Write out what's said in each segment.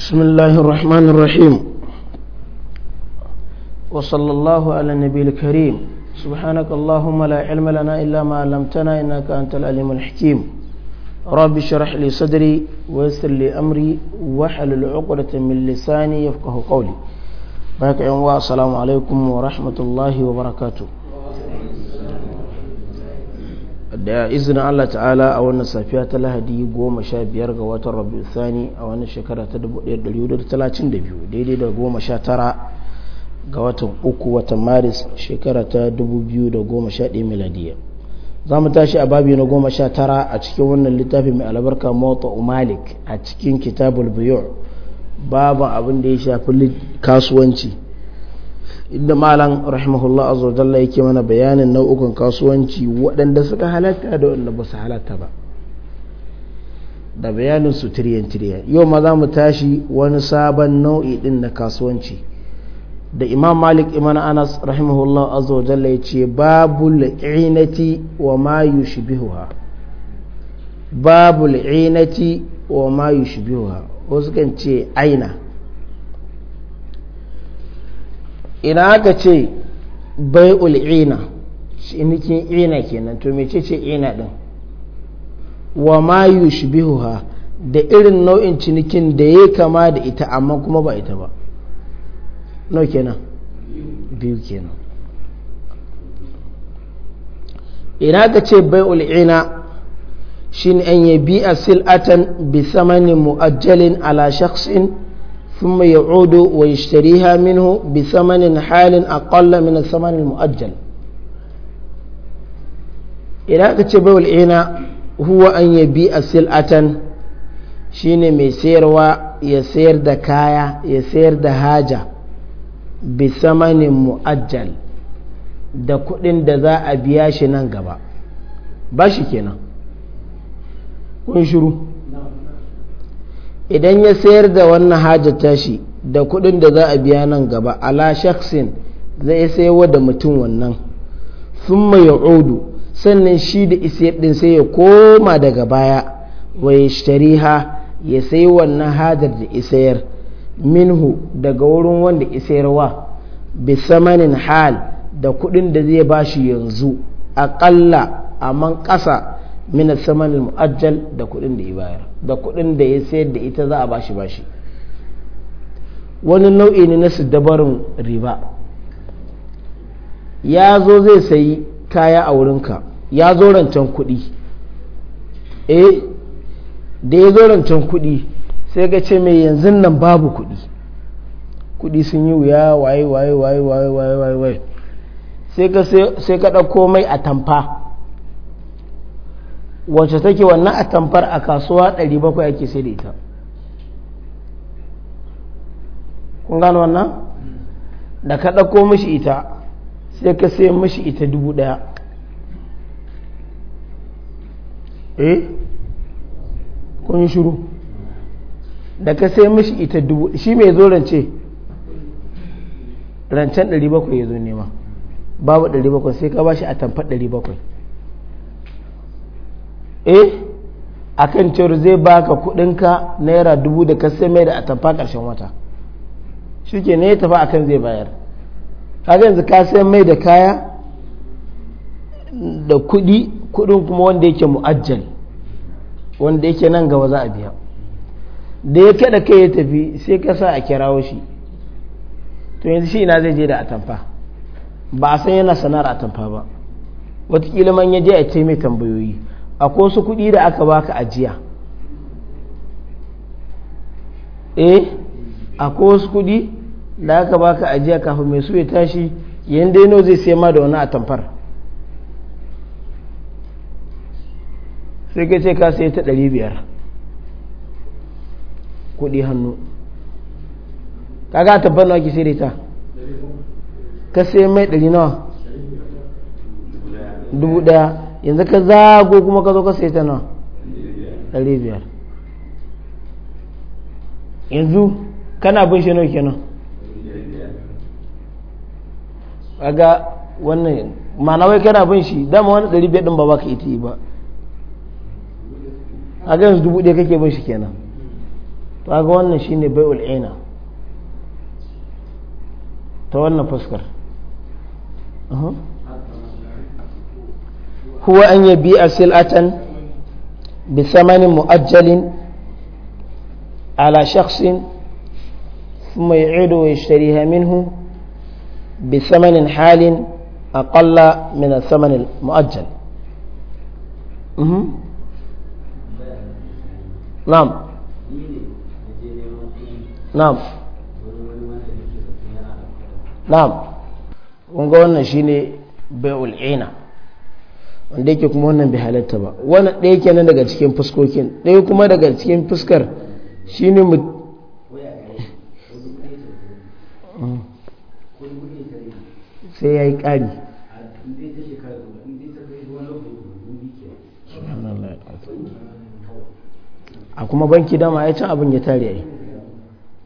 بسم الله الرحمن الرحيم وصلى الله على النبي الكريم سبحانك اللهم لا علم لنا إلا ما علمتنا إنك أنت العليم الحكيم رب اشرح لي صدري ويسر لي أمري واحلل عقدة من لساني يفقه قولي السلام عليكم ورحمة الله وبركاته da izinin Allah ta'ala a wannan safiya ta lahadi goma sha biyar ga watan rabin sani a wannan shekara ta biyu daidai da goma sha tara ga watan uku watan maris shekara ta 2011 miladiyya za mu tashi a babi na goma sha tara a cikin wannan littafi mai albarka mota umalik a cikin kitabul biyu babu abin da ya shafi kasuwanci inda malam rahimahullah azza wa jalla yake mana bayanin nau'ukan kasuwanci waɗanda suka halatta da waɗanda ba su halatta ba da bayanin su tiriyan tiriyan yau ma za mu tashi wani sabon nau'i din na kasuwanci da imam malik imana anas rahimahullah azza wa jalla yace babul inati wa ma yushbihuha babul inati wa ma yushbihuha wasu kan ce aina ina aka ce bai ul'ina cinikin ina kenan to mece ce ina din wa ma yushbihuha da irin nau'in cinikin da ya kama da ita amma kuma ba ita ba nau kenan biyu kenan ina aka ce bai ul'ina shi ne an yi biya sil'atan bi samanin mu'ajjalin ala shaksin ثم يعود ويشتريها منه بثمن حال أقل من الثمن المؤجل إذا كتب العنا هو أن يبيع سلعة shine mai sayarwa ya sayar da kaya ya sayar da haja bi mu'ajjal da kudin da za a biya shi nan gaba ba shi kenan kun shiru idan ya sayar da wannan hajar tashi da kuɗin da za a biya nan gaba ala shaksin zai sayarwa da mutum wannan thumma ya'udu sannan shi da isiyar din sai ya koma daga baya wa shariha ya sayi wannan hajar da isayar minhu daga wurin wanda isayarwa bi samanin hal da kuɗin da zai ba shi yanzu aƙalla man ƙasa min samanin mu'ajjal da kuɗin da ya bayar da kuɗin da ya sayar da ita za a bashi bashi wani nau'i ne na dabarin riba ya zo zai sayi kaya a wurinka ya zo rancen kudi eh da ya zo rancen kuɗi sai ga ce mai yanzu nan babu kuɗi kuɗi sun yi wuya waye waye waye waye waye sai ka ɗauko mai a tamfa wacce take wannan a tamfar a kasuwa 700 ake sai da ita kun gano wannan da ka ɗauko mashi ita sai ka sai mashi ita dubu ɗaya eh kun shiru da ka sai mashi ita dubu shi mai zo rance rancen 700 ya zo nema babu 700 sai ka ba shi a tamfar 700 eh kan cewar zai baka kudinka naira dubu da ka sai mai da tafa karshen wata shi ke ne ya a kan zai bayar haka yanzu ka sai mai da kaya da kudi kudin kuma wanda yake mu'ajjal wanda yake nan gaba za a biya da ya kada kai ya tafi sai ka sa a kirawo shi to yanzu shi ina zai je da atamfa ba a san yana sana'ar atamfa ba wataƙila man ya je a ce mai tambayoyi akwai su kuɗi da aka baka ajiya eh akwai wasu kuɗi da aka baka ajiya kafin mai su ya tashi yanda yano zai sai ma da wani tamfar sai ka ce ka sai ta ɗari biyar kuɗi hannu kaga tabbar nawa ki sai da ita ka sai mai ɗari nawa dubu ɗaya yanzu ka zago kuma ka zo ka sai ta nawa ɗari biyar yanzu kana bin shi nawa kenan kaga wannan ma'ana wai kana bin shi dama wani ɗari biyar ɗin ba ba ka ita yi ba a ga yanzu dubu ɗaya kake bin shi kenan to ga wannan shine bai ul'ina ta wannan fuskar هو أن يبيع سلعة بثمن مؤجل على شخص ثم يعيد ويشتريها منه بثمن حال أقل من الثمن المؤجل نعم نعم نعم ونقول ga بيع العينه wanda yake kuma wannan bai halatta ba wani ɗaya kenan daga cikin fuskokin ɗaya kuma daga cikin fuskar shine mu sai ya yi ƙari a kuma banki dama ya can abin ya tare yi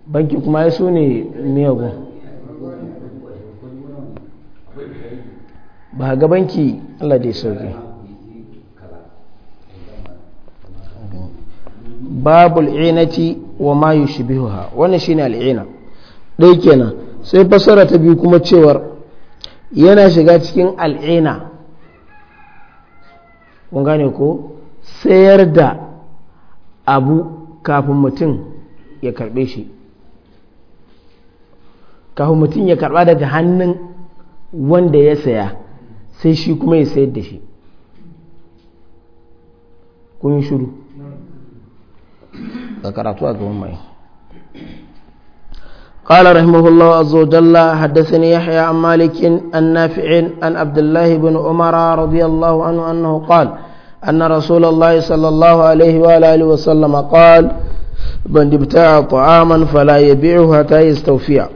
banki kuma ya so ne miyagun ba ga banki Allah da ya sauke babu al'inati wa ma yushbihuha shi shine al'ina ɗai kenan sai fasara ta biyu kuma cewar yana shiga cikin al'ina kun gane ko sayar da abu kafin mutum ya karbe shi kafin mutum ya karba daga hannun wanda ya saya sai shi kuma ya sayar da shi kun yi shuru ga karatu a gaban mai قال رحمه الله عز وجل حدثني يحيى عن مالك عن نافع عن عبد الله بن عمر رضي الله عنه أنه قال أن رسول الله صلى الله عليه وآله وسلم قال من ابتاع طعاما فلا يبيعه حتى يستوفيه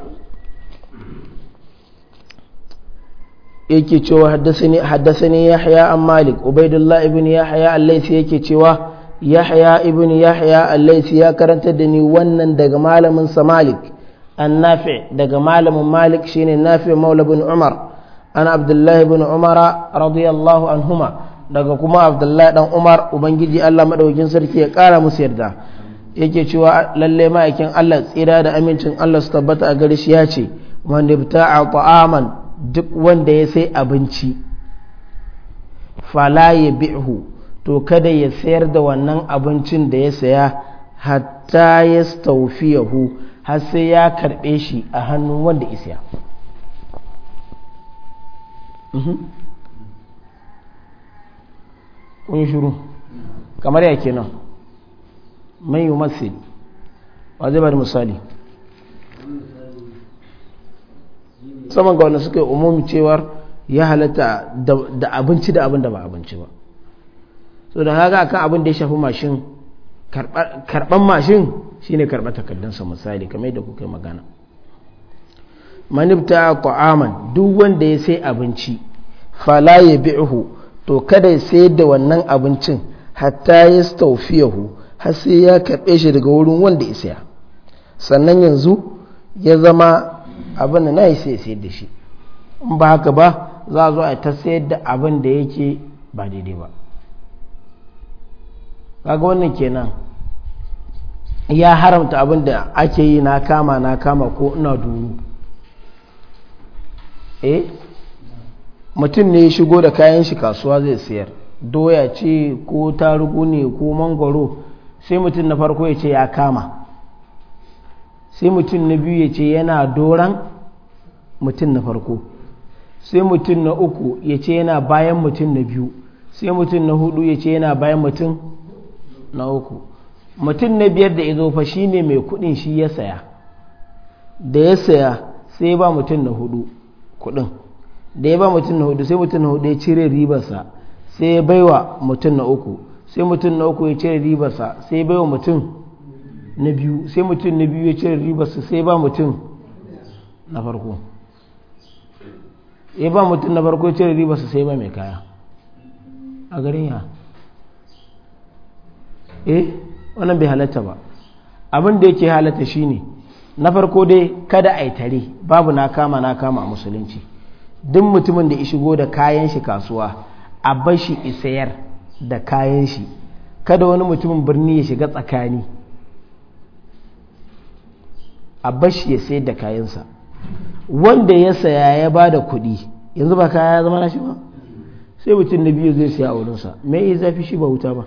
yake cewa haddasani yahya an malik ubaidullah ibn yahya allaisi yake cewa yahya ibn yahya allaisi ya karanta da ni wannan daga malamin sa malik an nafi daga malamin malik shine nafi maula bin umar an abdullahi bin umara radiyallahu anhuma daga kuma abdullahi dan umar ubangiji allah madaukin sarki ya kara musu yarda yake cewa lalle ma'aikin allah tsira da amincin allah su tabbata a gare shi ya ce man ibta'a ta'aman duk wanda ya sai abinci fala ya bi'hu to kada ya sayar da wannan abincin da ya saya hatta ya staufiyahu har sai ya karɓe shi a hannun wanda ya saya mhm. kun shuru kamar ya kenan mai yi wa zai bari misali saman ga wanda suka yi umumi cewar ya halatta da abinci da abin da ba abinci ba so da haka kan abin da ya shafi mashin karban mashin shine karɓar takardunsa misali kamar yadda kuka yi magana manibta aman duk wanda ya sai abinci fala ya bi'uhu to kada ya sai da wannan abincin hatta ya staufiyahu har sai ya karɓe shi daga wurin wanda ya saya sannan yanzu ya zama abin da na yi sai sayar da shi in ba haka ba za a zo a ta sayar da abin da yake ba daidai ba kaga wannan kenan ya haramta abin da ake yi na kama na kama ko ina duru eh mutum ne ya shigo da kayan shi kasuwa zai sayar doya ce ko tarugu ne ko mangoro sai mutum na farko ya ce ya kama sai mutum na biyu ya ce yana doran mutum na farko sai mutum na uku ya ce yana bayan mutum na biyu sai mutum na hudu ya ce yana bayan mutum na uku mutum na biyar da izofa fa shi ne mai kudin shi ya saya da ya saya sai ba mutum na hudu kudin da ya ba mutum na hudu sai mutum na hudu ya cire ribarsa sai ya baiwa mutum na uku sai mutum na uku ya cire ribarsa sai ya baiwa mutum na biyu sai mutum na biyu ya cire ribarsa sai ba mutum na farko ya ba mutum na farko ya cire ribarsa sai ba mai kaya a garin ya eh wannan bai halatta ba abin da yake halatta shine na farko dai kada a yi tare babu na kama na kama a musulunci duk mutumin da ya shigo da kayan shi kasuwa a bashi isayar da kayan shi kada wani mutumin birni ya shiga tsakani a bashi ya sayar da kayansa wanda ya saya ya ba da kuɗi yanzu ba kaya ya zama na shi ba sai mutum na biyu zai saya a wurinsa me ya zafi shi ba wuta ba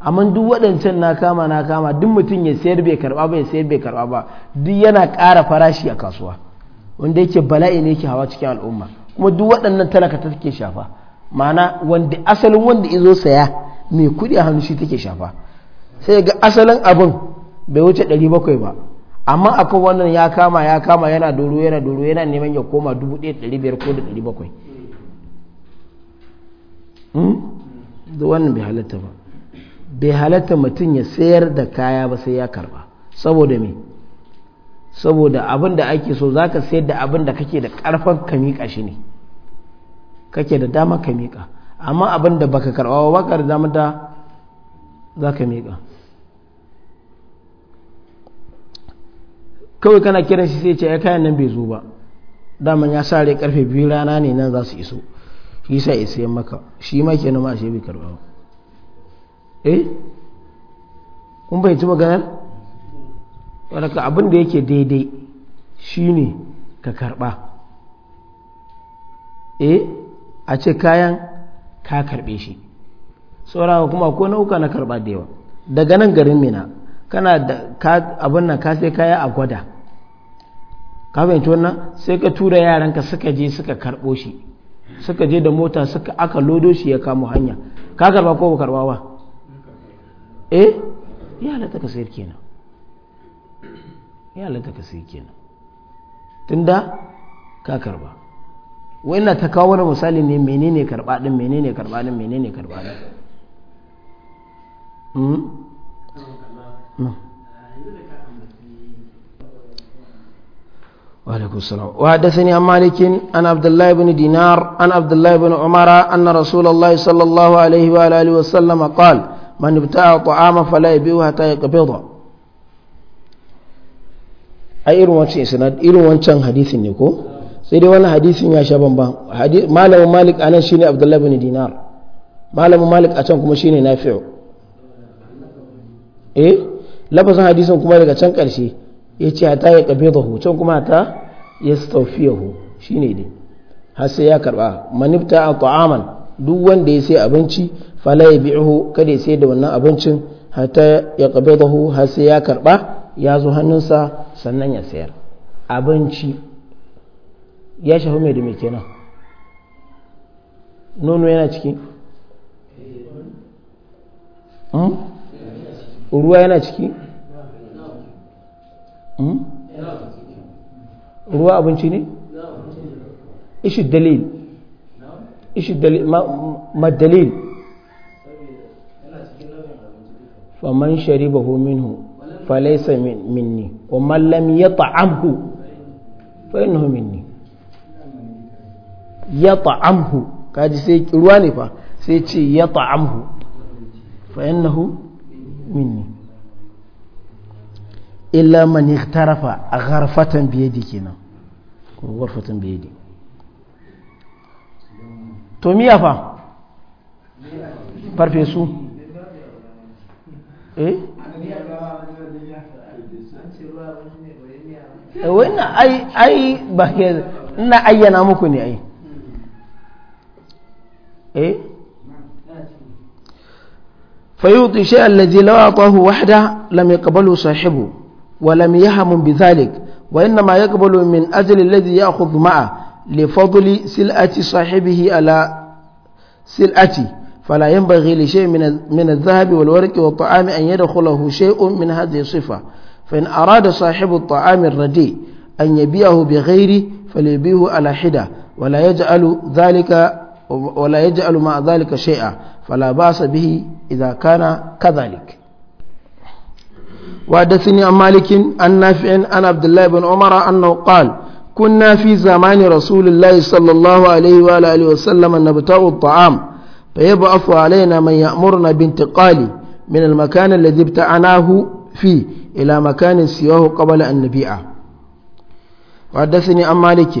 amma duk waɗancan na kama na kama duk mutum ya sayar bai karba ba ya sayar bai karba ba duk yana ƙara farashi a kasuwa wanda yake bala'i ne yake hawa cikin al'umma kuma duk waɗannan talaka ta take shafa ma'ana wanda asalin wanda ya zo saya mai kuɗi a hannu shi take shafa sai ga asalin abin bai wuce 700 ba amma akwai wannan ya kama ya kama yana doro yana doro yana neman ya koma 1500 ko da 700 hmm? duk wannan bai halatta ba bai halatta mutum ya sayar da kaya ba sai ya karba saboda me saboda abin da ake so zaka sayar da abin da kake da karfan ka miƙa shi ne kake da dama ka miƙa amma abin da baka karba ba baka da dama da ka miƙa kawai kana kiran shi sai ce ya kayan nan bai zo ba daman ya sare karfe biyu rana ne nan za su iso shi sa isa yin maka shi ma ke nama ashe bai karba ba eh kun ci maganar wadaka abin da yake daidai shine ka karba eh a ce kayan ka karbe shi saurawa kuma ko nauka na karba da yawa daga nan garin mina kana da abin nan ka sai kaya a gwada ka fahimci wannan sai ka tura yaranka suka je suka karɓo shi suka je da mota suka aka lodo shi ya kamo hanya ka karba ko karba ba eh ya halatta ka sayar kenan ya halatta ka sayar kenan tunda ka karba wa ina ta kawo wani misali ne menene karba din menene karba din menene karba din mm? Hmm? وعليكم السلام وحدثني عن مالك عن عبد الله بن دينار عن عبد الله بن عمر أن رسول الله صلى الله عليه وآله وسلم قال من ابتاع طعاما فلا يبيعه حتى يقبضه ai irin wancan hadisin ne ko sai dai wannan hadisin ya sha bamban malamin malik anan shine abdullahi bin dinar malamin malik a can kuma shine nafi'u eh lafazin hadisin kuma daga can karshe yace hata ya kabe da can kuma yastawfiyahu shine dai har sai ya karba manifta a ta'aman duk wanda ya sai abinci fala ya bi'uhu kada ya sai da wannan abincin hatta ya qabidahu har sai ya karba ya zo hannunsa sannan ya sayar abinci ya shafi mai da mai kenan nono yana ciki hmm? ruwa yana ciki hmm? ruwa abinci ne ishi dalil ishi dalil ma dalil faman sharibahu minhu falaysa minni wa man lam yata'amhu fa innahu minni yata'amhu kaji sai ruwa ne fa sai ce yata'amhu fa innahu minni illa man a gharfatan biyadi kenan غرفة بيدي تومي أفا بارفيسو إيه وين أي أي بحكي نا أي نامكني أي إيه فيعطي الشيء الذي لو أعطاه وحده لم يقبله صاحبه ولم يهم بذلك وإنما يقبل من أجل الذي يأخذ معه لفضل سلعة صاحبه على سلعته فلا ينبغي لشيء من الذهب والورق والطعام أن يدخله شيء من هذه الصفة فإن أراد صاحب الطعام الرديء أن يبيعه بغيره فليبيه على حدة ولا يجعل ذلك ولا يجعل مع ذلك شيئا فلا بأس به إذا كان كذلك وحدثني عن مالك عن نافع عن عبد الله بن عمر أنه قال كنا في زمان رسول الله صلى الله عليه وآله وسلم نبتغ الطعام فيبعث علينا من يأمرنا بانتقال من المكان الذي ابتعناه فيه إلى مكان سواه قبل أن نبيعه وحدثني عن مالك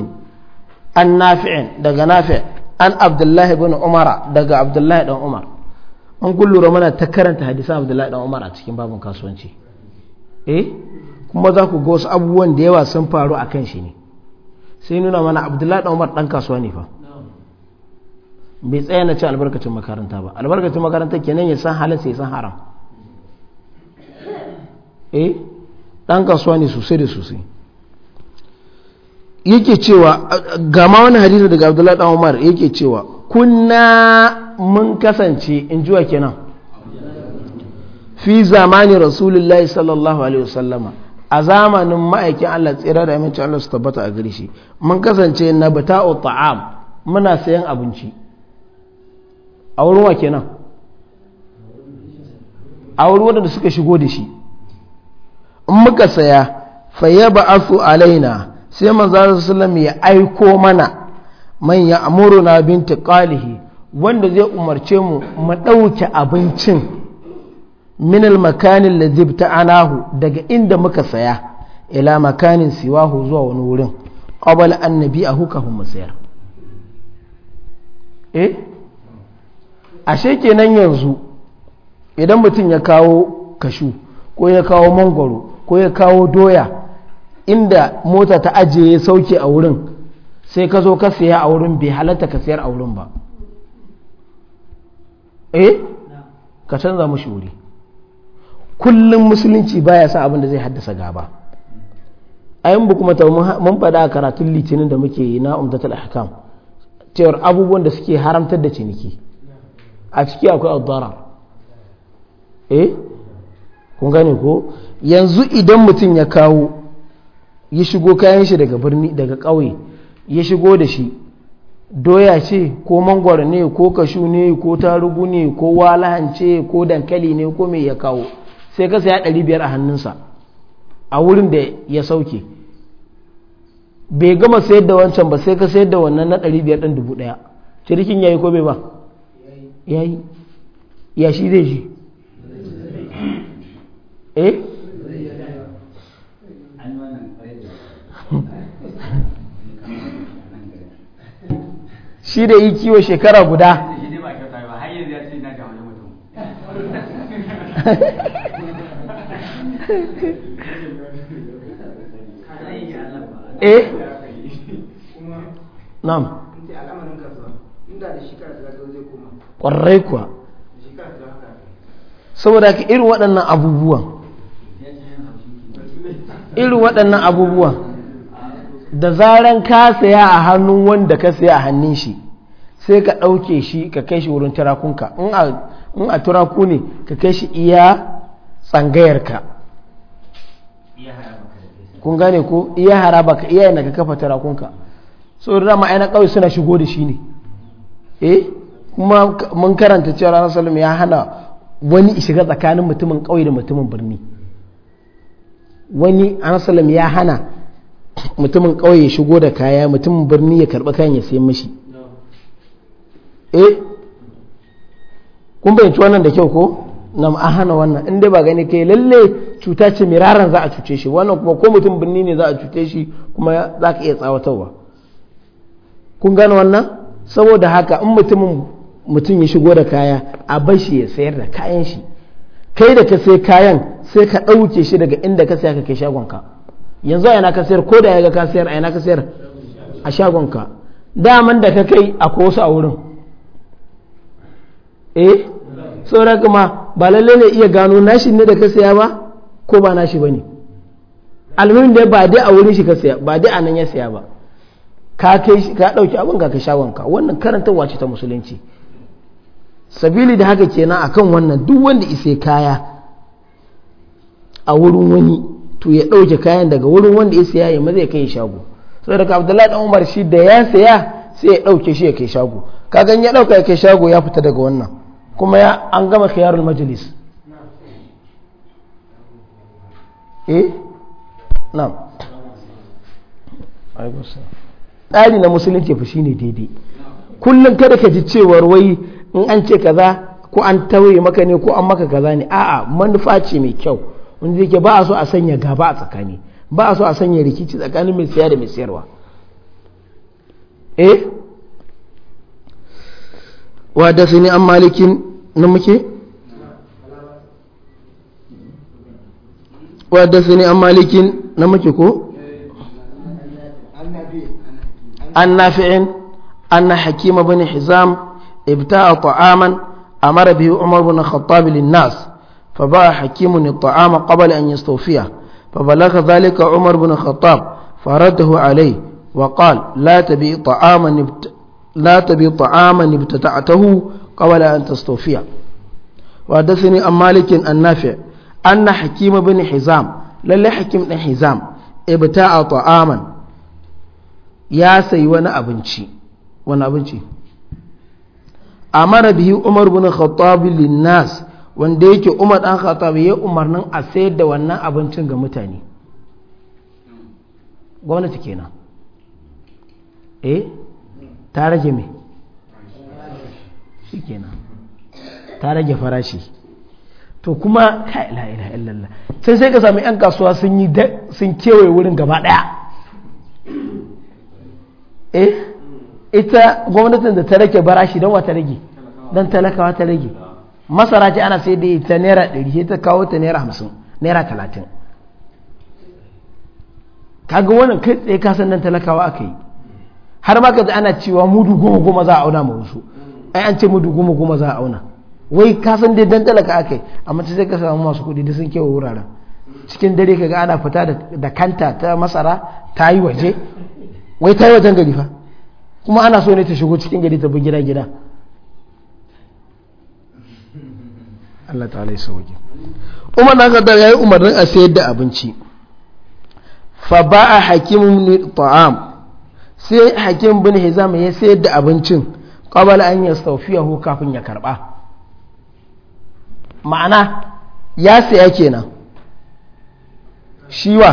عن نافع دق نافع عن عبد الله بن عمر دق عبد الله بن عمر an kullura mana ta karanta hadisan abdullahi dan umar a cikin babin kasuwanci eh kuma za ku ga wasu abubuwan da yawa sun faru a kan shi ne sai nuna mana abdullahi dan umar dan kasuwa ne fa bai tsaya na cin albarkacin makaranta ba albarkacin makaranta kenan ya san halin sai san haram eh dan kasuwa ne sosai da sosai yake cewa ga ma wani hadisi daga abdullahi dan umar yake cewa kunna mun kasance in jiwa kenan fi zamani rasulullahi sallallahu alaihi wasallama a zamanin ma'aikin Allah tsira da amince Allah su tabbata a gare shi mun kasance na bata o ta'am muna sayan abinci a wurin wa kenan a wurin wadanda suka shigo da shi in muka saya fayyaba asu alaina sai su sallam ya aiko mana man ya na binta kalihi wanda zai umarce mu mu dauke abincin minal makanin lazib ta anahu daga inda muka saya ila makanin siwahu zuwa wani wurin ƙwabal annabi a hukahun mu sayar eh ashe kenan yanzu idan mutum ya kawo kashu ko ya kawo mangoro, ko ya kawo doya inda mota ta ajiye sauke a wurin sai ka zo ka siya a wurin bai halatta ka siyar a wurin ba eh ka canza mushi wuri kullum musulunci baya sa abin da zai haddasa gaba ayin bu kuma mun faɗa a karatun litinin da muke yi na umdatul ahkam cewar abubuwan da suke haramtar da ciniki a ciki akwai addara eh kun gane ko yanzu idan mutum ya kawo ya shigo kayan shi daga birni daga ƙauye ya shigo da shi doya ce ko mangwaro ne ko kashu ne ko tarugu ne ko walahance ko dankali ne ko mai ya kawo sai ka saya ɗari biyar a hannunsa a wurin da ya sauke bai gama sayar da wancan ba sai ka sayar da wannan na ɗari biyar ɗin dubu ɗaya cirikin yi ko bai ba yi ya shi zai ji eh shi da yi kiwo shekara guda eh na'am kuwa saboda irin waɗannan abubuwan da zaran ka saya a hannun wanda ka saya a hannun shi sai ka ɗauke shi ka kai shi wurin turakunka in a turaku ne ka kai shi iya tsangayarka kun gane ko iya haraba ka iya yana ka kafa tarakunka so da dama aina kawai suna shigo da shi ne eh kuma mun karanta cewa ranar salim ya hana wani shiga tsakanin mutumin kawai da mutumin birni wani salim ya hana mutumin ya shigo da kaya mutumin birni ya karɓi kayan ya sayi mashi eh kun bayanci wannan da kyau ko na a hana wannan in dai ba gani ke lalle cuta ce miraran za a cuce shi wannan kuma ko mutum birni ne za a cuce shi kuma za ka iya tsawatarwa kun gane wannan saboda haka in mutumin mutum ya shigo da kaya a bar shi ya sayar da kayan shi kai da ka sai kayan sai ka ɗauke shi daga inda ka saya ka kai shagonka yanzu a ka sayar ko da ya ga ka sayar a yana ka sayar a shagonka daman da ka kai a wasu a wurin eh sauran kuma ba lalle ne iya gano nashi ne da ka saya ba ko ba nashi ba ne almuhim dai ba dai a wurin shi ka saya ba dai a nan ya saya ba ka kai ka dauki abin ka sha wanka wannan karanta wace ta musulunci sabili da haka kenan akan wannan duk wanda isai kaya a wurin wani to ya dauke kayan daga wurin wanda ya saya ya zai kai shago saboda ka Abdullahi dan Umar shi da ya saya sai ya dauke shi ya kai shago gan ya dauka ya kai shago ya fita daga wannan kuma ya an gama khiyarul majalis eh na'am tsari na musulunci fa shine daidai kullum kada ka ji cewar wai in an ce kaza ko an tauye maka ne ko an maka kaza ne a'a manufa ce mai kyau wanda yake ba a so a sanya gaba a tsakani ba a so a sanya rikici tsakanin mai siya da mai siyarwa eh وحدثني عن مالك نمكي وحدثني عن مالك نمكي كو عن نافع أن حكيم بن حزام ابتاع طعاما أمر به عمر بن الخطاب للناس فباع حكيم الطعام قبل أن يستوفيه فبلغ ذلك عمر بن الخطاب فرده عليه وقال لا تبيع طعاما لا تبي طعاما ابتدعته قبل أن تستوفيه وحدثني عن مالك النافع أن حكيم بن حزام للي حكيم بن حزام ابتاع طعاما يا سي وانا أبنشي وانا أبنشي أمر به عمر بن الخطاب للناس wanda yake umar ɗan khattab ya umarnin a sayar da wannan abincin ga mutane gwamnati kenan eh ta rage mai shi ta rage farashi to kuma ka ila ila illallah sai sai ka sami 'yan kasuwa sun yi sun kewaye wurin gaba daya eh ita gwamnatin da ta rage barashi don wata rage don talakawa ta rage masara ce ana sai da ita naira 100 ta kawo ta naira hamsin naira talatin kaga wannan kai tsaye kasan nan talakawa aka yi har ma ka ana cewa mudu goma goma za a auna ma wasu ai an ce mudu goma goma za a auna wai ka san dai dan talaka akai amma sai ka samu masu kuɗi da sun ke wuraren cikin dare kaga ana fita da kanta ta masara ta yi waje wai ta yi wajen gari fa kuma ana so ne ta shigo cikin gari ta bi gida gida Allah ta'ala ya sauke Umar na kadar yayi umarnin a sayar da abinci fa ba'a hakimun ta'am sai hakim bin hizam ya sayar da abincin qabala an yastawfiyahu kafin ya karba ma'ana ya saya kenan shiwa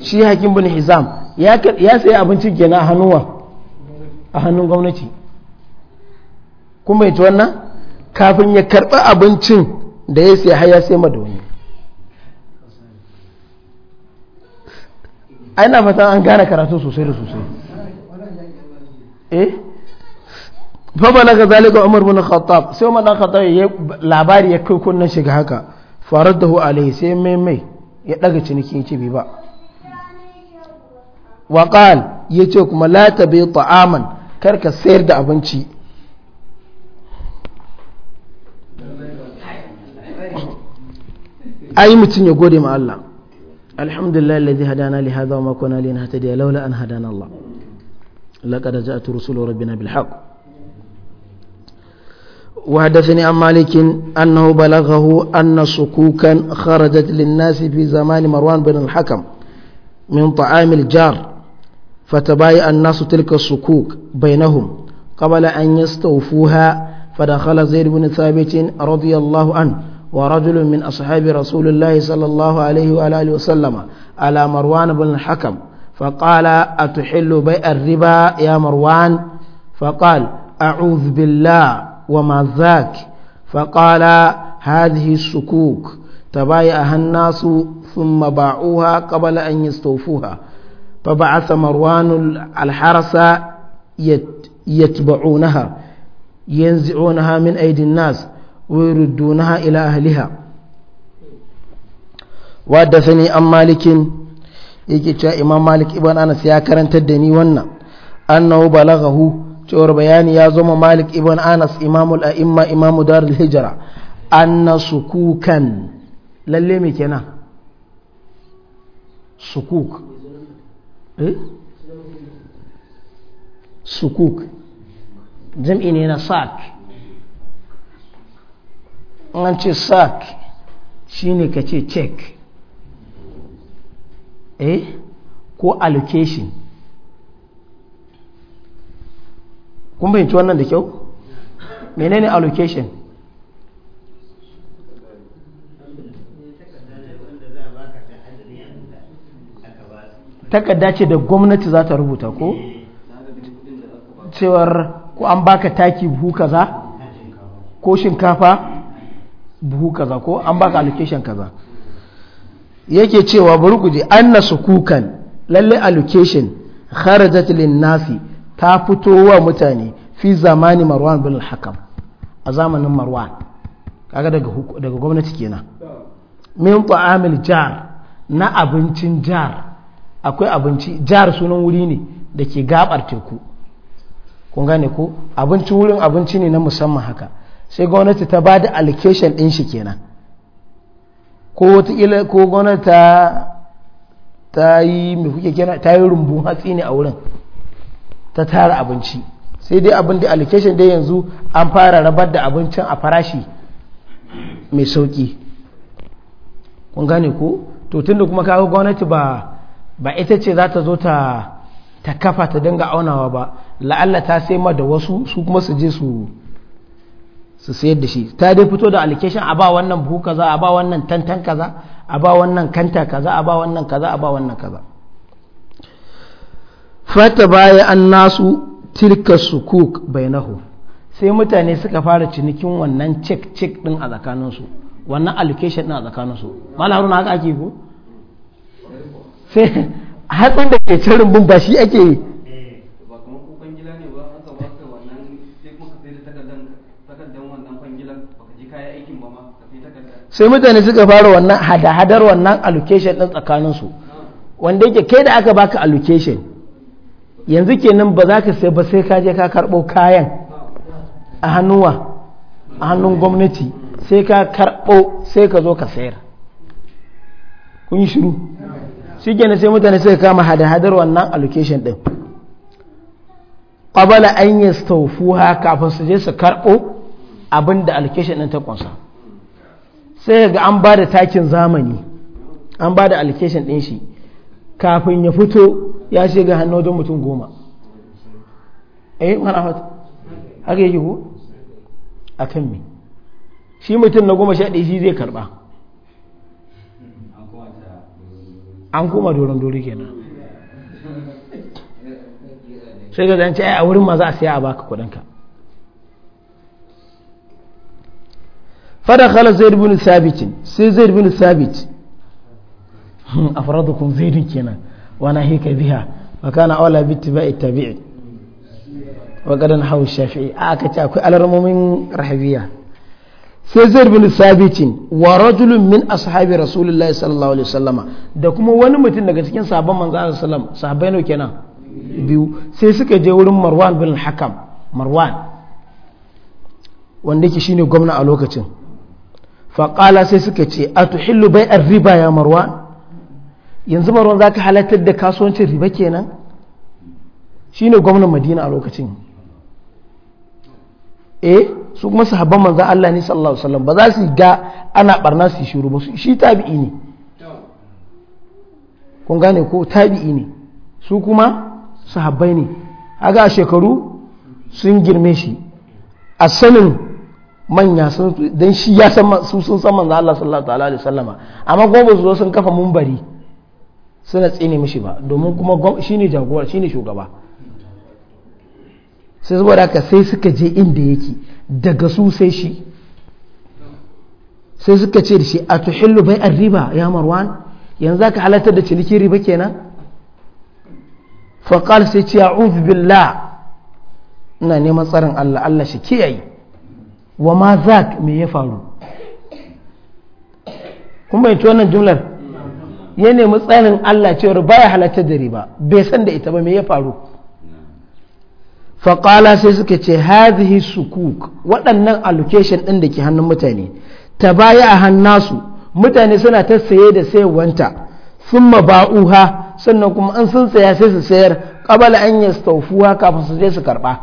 shi hakim bin hizam ya saya abincin kenan a hannuwa a hannun gwamnati kuma ita wannan kafin ya karba abincin da ya saya har ya sai madoni yana fata an gane karatu sosai da sosai eh fa balaga zalika umar bin khattab sai umar bin khattab ya labari ya kai kunnan shiga haka faradahu alaihi sai mai mai ya daga ciniki ya ce ba wa qal yace kuma la tabi ta'aman kar ka sayar da abinci ai mutum ya gode ma Allah الحمد لله الذي هدانا لهذا وما كنا لنهتدي لولا أن هدانا الله لقد جاءت رسول ربنا بالحق وحدثني عن مالك أنه بلغه أن صكوكا خرجت للناس في زمان مروان بن الحكم من طعام الجار فتبايع الناس تلك الصكوك بينهم قبل أن يستوفوها فدخل زيد بن ثابت رضي الله عنه ورجل من أصحاب رسول الله صلى الله عليه وآله وسلم على مروان بن الحكم فقال أتحل بيع الربا يا مروان فقال أعوذ بالله وما ذاك فقال هذه السكوك تبايعها الناس ثم باعوها قبل أن يستوفوها فبعث مروان الحرس يتبعونها ينزعونها من أيدي الناس ويردونها إلى أهلها وحدثني أم مالك يجي إمام مالك ابن أنس يا كرنت الدني ونا أنه بلغه cewar bayani ya zama malik ibn anas imamul a'imma imamu darul hijira anna sukukan lalle me kenan sukuk sukuk jam'i ne na sak an ce sack shi ne ka ce check eh ko allocation kun bayanci wannan da kyau menene allocation takarda ce da gwamnati za ta rubuta ko cewar ko an baka taki buhu kaza ko shinkafa buhu kaza ko an baka allocation kaza yake cewa bari ku anna sukukan lalle allocation kharajat lin nasi ta fito wa mutane fi zamani marwan bin al-hakam a zamanin marwan kaga daga daga gwamnati kenan min ta'amil jar na abincin jar akwai abinci jar sunan wuri ne da ke gabar teku kun gane ko abincin wurin abinci ne na musamman haka sai gwamnati ta ba da allocation ɗin shi kenan ko ila ko gwamnati ta ta yi mai kuke ta yi rumbun hatsi ne a wurin ta tara abinci sai dai abin da allocation dai yanzu an fara rabar da abincin a farashi mai sauƙi kun gane ko to tunda kuma kawo gwamnati ba ba ita ce za ta zo ta ta kafa ta dinga aunawa ba la'alla ta sai ma da wasu su kuma su je su su sayar da shi ta dai fito da allocation a ba wannan buhu kaza a ba wannan tantan kaza a ba wannan kanta kaza a ba wannan kaza a ba wannan kaza fata baya an nasu tilka sukuk bainahu sai mutane suka fara cinikin wannan cek cek din a tsakaninsu wannan allocation din a tsakaninsu mala haruna haka ake ko sai hatsin da ke cirin bin ba shi ake sai mutane suka fara wannan hada-hadar wannan allocation ɗin tsakaninsu wanda yake kai da aka baka allocation yanzu kenan ba za ka sai ba sai kaje ka karɓo kayan a hannuwa a hannun gwamnati sai ka karɓo sai ka zo ka sayar kun yi shiru shi kenan sai mutane suka kama hada-hadar wannan allocation ɗin ƙwabala an yi staufuwa kafin su je su karɓo abin da allocation ɗin ta ƙunsa sai ga an ba da takin zamani an ba da allocation ɗin shi kafin ya fito ya shiga hannu wajen mutum goma eh mana hot haka yake ko a kan me shi mutum na goma sha ɗaya shi zai karɓa an koma doron dori kenan sai ga zance a wurin ma za a siya a baka kuɗinka فدخل زيد بن ثابت سي زيد بن ثابت أفرادكم زيد كنا وناهيك بها وكان أولى باتباع التابعي وقد نحو الشافعي أكتا أكو على رمومين رحبية سي زيد بن ثابت ورجل من أصحاب رسول الله صلى الله عليه وسلم da kuma wani mutum daga cikin sahabban manzo Allah sallam sahabbai kenan biyu sai suka je wurin Marwan bin Hakam Marwan wanda yake shine gwamna a lokacin faƙala sai suka ce a tuhillu bai an riba ya marwa yanzu marwa za ka halartar da kasuwancin riba kenan shi ne gwamnan madina a lokacin eh su kuma sahabban manzan Allah ne sallallahu alaihi wasallam ba za su ga ana barna su shiru ba shi tabi'i ne kun gane ko tabi'i ne su kuma su sahabbai ne a ga shekaru sun girme shi a sanin manya sun dan shi ya san su sun san manzo Allah sallallahu alaihi wasallama amma kuma ba su zo sun kafa mumbari suna tsine mishi ba domin kuma shine jagora shine shugaba sai saboda haka sai suka je inda yake daga su sai shi sai suka ce da shi a tuhillu bai an riba ya marwan yanzu ka halartar da ciniki riba kenan faƙal sai ce a'udhu billah ina neman tsarin Allah Allah shi kiyaye wa ma zak me ya faru kun bai wannan jumlar ya nemi tsarin Allah cewar baya halatta da riba bai san da ita ba me ya faru faƙala sai suka ce hadhihi sukuk waɗannan allocation ɗin da ke hannun mutane ta baya a hannasu mutane suna ta saye da sayarwanta sun ba'uha sannan kuma an sun saya sai su sayar ƙabala an yastaufuwa kafin su je su karɓa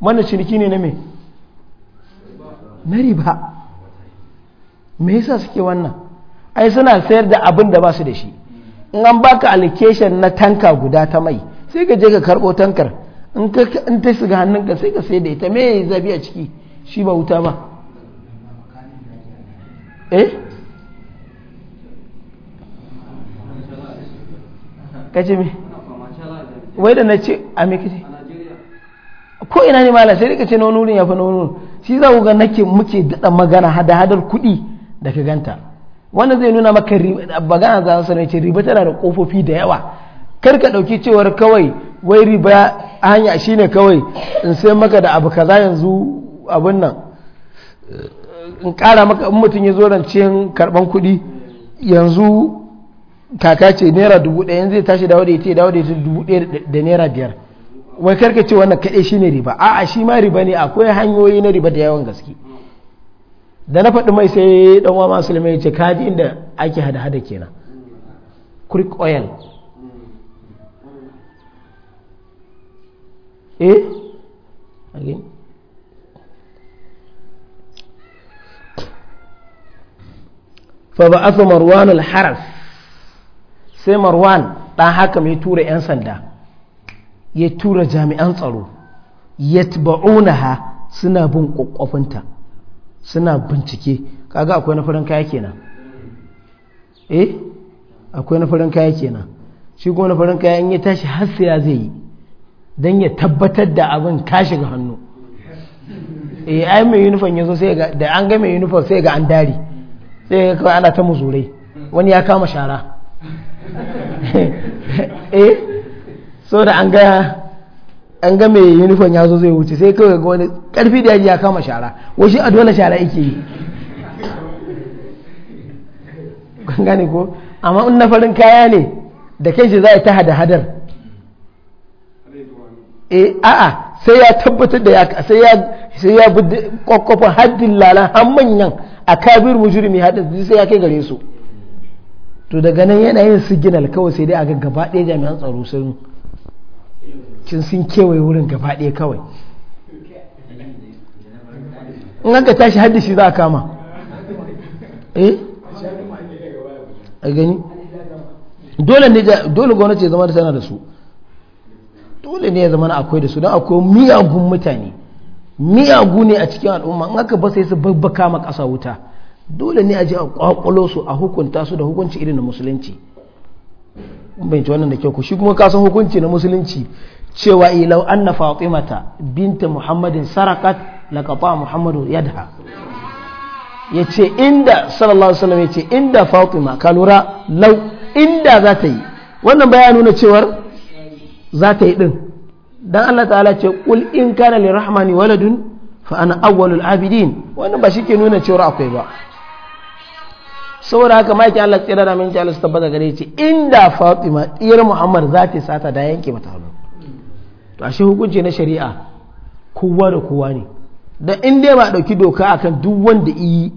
wannan ciniki ne na mai. na riba me yasa suke wannan ai suna sayar da abin da ba su da shi in an baka allocation na tanka guda ta mai sai ka je ka karbo tankar in ta shiga hannunka sai ka sai da ita me zabi a ciki shi ba wuta ba eh kace me wai da na ce a me kace ko ina ne malam sai rika ce na wani wurin ya fi na wani shi za ku ga nake muke dada magana hada hadar kuɗi da ka ganta wannan zai nuna maka bagana za su ce riba tana da kofofi da yawa kar ka ɗauki cewar kawai wai riba hanya shine kawai in sai maka da abu kaza yanzu abin nan in ƙara maka in mutum ya zo rancen karɓan kuɗi yanzu kaka ce naira dubu ɗaya zai tashi dawo da ita dawo da ita dubu ɗaya da naira biyar wai karka ce wannan kaɗai ne riba a a shi ma riba ne akwai hanyoyi na riba da yawan gaske da na faɗi mai sai ɗan wa masu lamai ce kaji inda ake hada-hada kenan quick oil eh again فبعث مروان الحرس sai marwan ɗan haka mai tura 'yan sanda ya tura jami'an tsaro ha suna bin kwakwafinta suna bincike kaga akwai na farin kaya kenan eh akwai na farin kaya kenan shi kuma na farin kaya in ya tashi har sai zai yi dan ya tabbatar da abin ka shiga hannu eh ai mai uniform yazo sai ga da an ga mai uniform sai ga an dari sai ga ana ta muzurai wani ya kama shara eh da an ga an ga mai uniform ya zo zai wuce sai kawai ga wani karfi da yaji ya kama shara wasu a dole shara yake yi kun gane ko amma in na farin kaya ne da kai shi za a ta hada hadar eh a'a sai ya tabbatar da ya sai ya sai ya bi kokkofa haddin lala har manyan akabir mujrimi hadin sai ya kai gare su to daga nan yana yin signal kawai sai dai a ga gaba ɗaya jami'an tsaro sun kin sun kewaye wurin gaba ɗaya kawai in aka tashi haddisi za a kama eh a gani dole ne dole gwamnati ya zama da tana da su dole ne ya zama na akwai da su don akwai miyagun mutane miyagu ne a cikin al'umma in ba sai su babbaka ma ƙasa wuta dole ne a ji a kwakwalo su a hukunta su da hukunci irin na musulunci bai ci wannan da kyau ku shi kuma kasan hukunci na musulunci cewa ilau eh, anna fatimata binta muhammadin sarakat laqata muhammadu yadha yace inda sallallahu alaihi wasallam yace inda fatima ka lura lau inda za ta yi wannan baya nuna cewar za ta yi din dan Allah ta'ala ce kul in kana lirahmani waladun fa ana awwalul abidin wannan ba shi ke nuna cewar akwai ba saboda haka maki Allah tsira da min Allah su tabbata gare ce inda fatima tsira muhammad za ta sata da yanke mata hannu to ashe hukunci na shari'a kowa da kowa ne dan in dai ba dauki doka akan duk wanda yi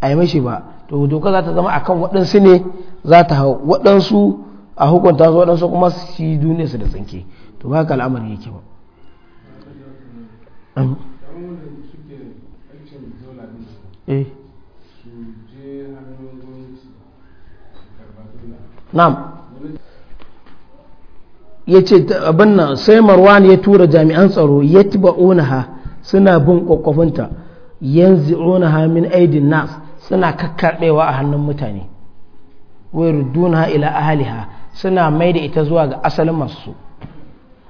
a yi mashi ba to doka za ta zama akan waɗansu ne za ta hau waɗansu a hukunta su waɗansu kuma su duniya su da tsinke to ba ka al'amari yake ba eh. Na'am. ya ce abin nan sai marwan ya tura jami'an tsaro ya tiba onaha suna bin kwakwafinta yanzu onaha min aidin nas suna kakkaɓewa a hannun mutane wai ruduna ila ahaliha suna mai da ita zuwa ga asalin masu su.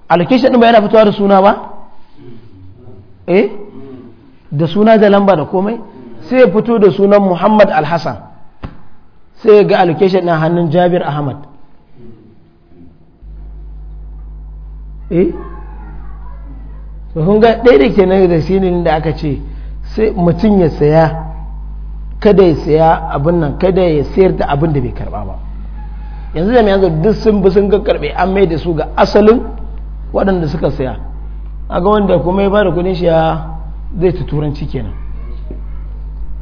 alkishin ɗin ba yana fitowa da suna ba eh da suna da lamba da komai sai ya fito da sunan muhammad alhassan sai ga alkishin ɗin hannun jabir ahmad eh ga ɗaya da ke nan da shi da aka ce sai mutum ya saya kada ya saya abin nan kada ya sayar da abin da bai karba ba yanzu da yanzu duk sun bi sun karbe an mai da su ga asalin waɗanda suka saya ga wanda kuma ya bada kudin shi ya zai ta turanci kenan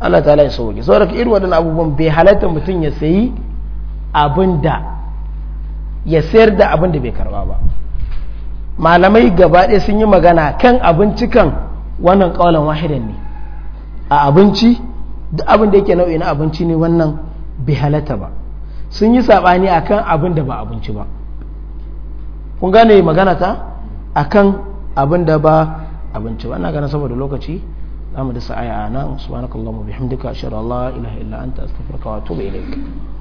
Allah ta ya sauke sauraka irin waɗanda abubuwan bai halatta mutum ya sayi abin da ya sayar da abin da bai karba ba malamai gaba ɗaya sun yi magana kan abincikan wannan ƙaunar wahidan ne a abinci duk abin da yake nau'i na abinci ne wannan bai halatta ba sun yi saɓani a kan abin da ba abinci ba kun gane magana ta a kan abin da ba abinci ba ana gana saboda lokaci za mu da sa'aya a nan subhanakallahu bihamdika ashhadu an la ilaha illa anta astaghfiruka wa atubu ilaik